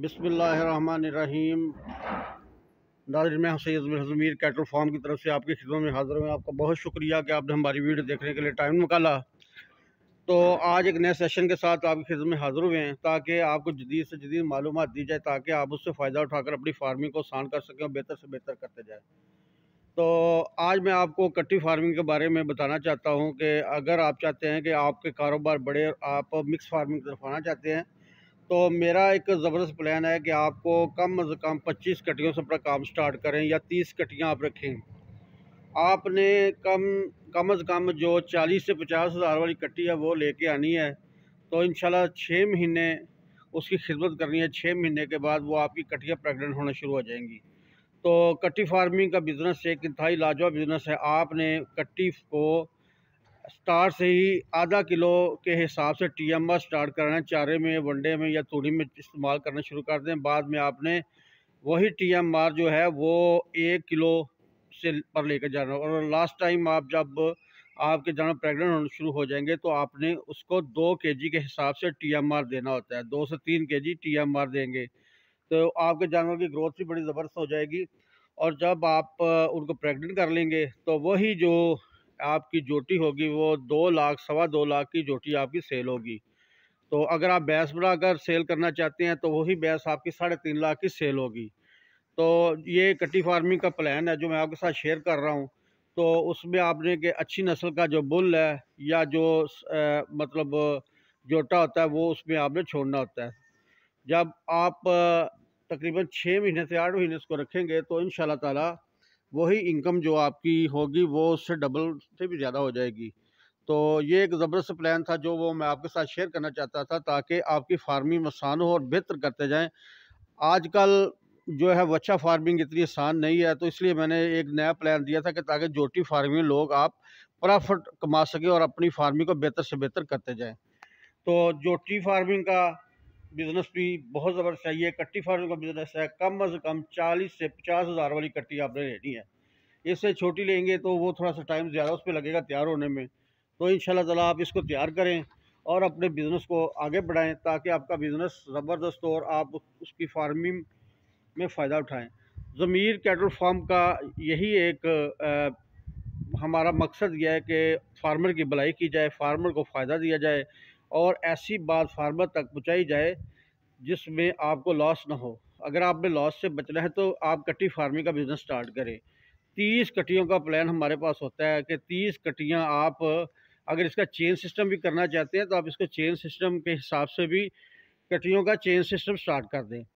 बिसमीम नाजिर मैं सैद हजमीर कैटल फार्म की तरफ से आपकी खिदमत में हाज़िर हूँ आपका बहुत शुक्रिया कि आपने हमारी वीडियो देखने के लिए टाइम निकाला तो आज एक नए सेशन के साथ आपकी खिदमत में हाज़िर हुए हैं ताकि आपको जदीद से जदीद मालूम दी जाए ताकि आप उससे फ़ायदा उठाकर अपनी फार्मिंग को आसान कर सकें और बेहतर से बेहतर करते जाए तो आज मैं आपको कट्टी फार्मिंग के बारे में बताना चाहता हूँ कि अगर आप चाहते हैं कि आपके कारोबार बड़े आप मिक्स फार्मिंग की तरफ आना चाहते हैं तो मेरा एक ज़बरदस्त प्लान है कि आपको कम अज़ कम पच्चीस कटियों से अपना काम स्टार्ट करें या तीस कटियाँ आप रखें आपने कम कम अज़ कम जो चालीस से पचास हज़ार वाली कट्टी है वो लेके आनी है तो इन छः महीने उसकी खिदमत करनी है छः महीने के बाद वो आपकी कटियाँ प्रेगनेंट होना शुरू हो जाएंगी तो कट्टी फार्मिंग का बिज़नेस एक इंतहाई लाजवाब बिज़नेस है आपने कट्टी को स्टार से ही आधा किलो के हिसाब से टी एम आर स्टार्ट करना है चारे में वनडे में या तूड़ी में इस्तेमाल करना शुरू कर दें बाद में आपने वही टी एम आर जो है वो एक किलो से पर लेकर जाना और लास्ट टाइम आप जब आपके जानवर प्रेग्नेंट होना शुरू हो जाएंगे तो आपने उसको दो के जी के हिसाब से टी एम आर देना होता है दो से तीन K G T M R देंगे तो आपके जानवर की ग्रोथ भी बड़ी ज़बरदस्त हो जाएगी और जब आप उनको प्रेग्नेंट कर लेंगे तो वही जो आपकी जोटी होगी वो दो लाख सवा दो लाख की जोटी आपकी सेल होगी तो अगर आप भैंस बनाकर सेल करना चाहते हैं तो वही बैंस आपकी साढ़े तीन लाख की सेल होगी तो ये कट्टी फार्मिंग का प्लान है जो मैं आपके साथ शेयर कर रहा हूँ तो उसमें आपने के अच्छी नस्ल का जो बुल है या जो आ, मतलब जोटा होता है वो उसमें आपने छोड़ना होता है जब आप तकरीबन छः महीने से आठ महीने इसको रखेंगे तो इन ताला वही इनकम जो आपकी होगी वो उससे डबल से भी ज़्यादा हो जाएगी तो ये एक ज़बरदस्त प्लान था जो वो मैं आपके साथ शेयर करना चाहता था ताकि आपकी फार्मिंग आसान हो और बेहतर करते आज कल जो है वच्छा फार्मिंग इतनी आसान नहीं है तो इसलिए मैंने एक नया प्लान दिया था कि ताकि जोटी फार्मिंग लोग आप प्रॉफिट कमा सकें और अपनी फार्मिंग को बेहतर से बेहतर करते जाएँ तो जोटी फार्मिंग का बिज़नेस भी बहुत ज़बरदस्त चाहिए कट्टी फार्म का बिज़नेस है कम अज़ कम चालीस से पचास हज़ार वाली कट्टी आपने लेनी है इससे छोटी लेंगे तो वो थोड़ा सा टाइम ज़्यादा उस पर लगेगा तैयार होने में तो इन शाला आप इसको तैयार करें और अपने बिज़नेस को आगे बढ़ाएं ताकि आपका बिज़नेस ज़बरदस्त हो और आप उसकी फार्मिंग में फ़ायदा उठाएं ज़मीर कैटल फार्म का यही एक आ, हमारा मकसद यह है कि फार्मर की भलाई की जाए फार्मर को फ़ायदा दिया जाए और ऐसी बात फार्मर तक पहुँचाई जाए जिसमें आपको लॉस ना हो अगर आपने लॉस से बचना है तो आप कट्टी फार्मिंग का बिज़नेस स्टार्ट करें तीस कटियों का प्लान हमारे पास होता है कि तीस कटियाँ आप अगर इसका चेन सिस्टम भी करना चाहते हैं तो आप इसको चेन सिस्टम के हिसाब से भी कटियों का चेन सिस्टम स्टार्ट कर दें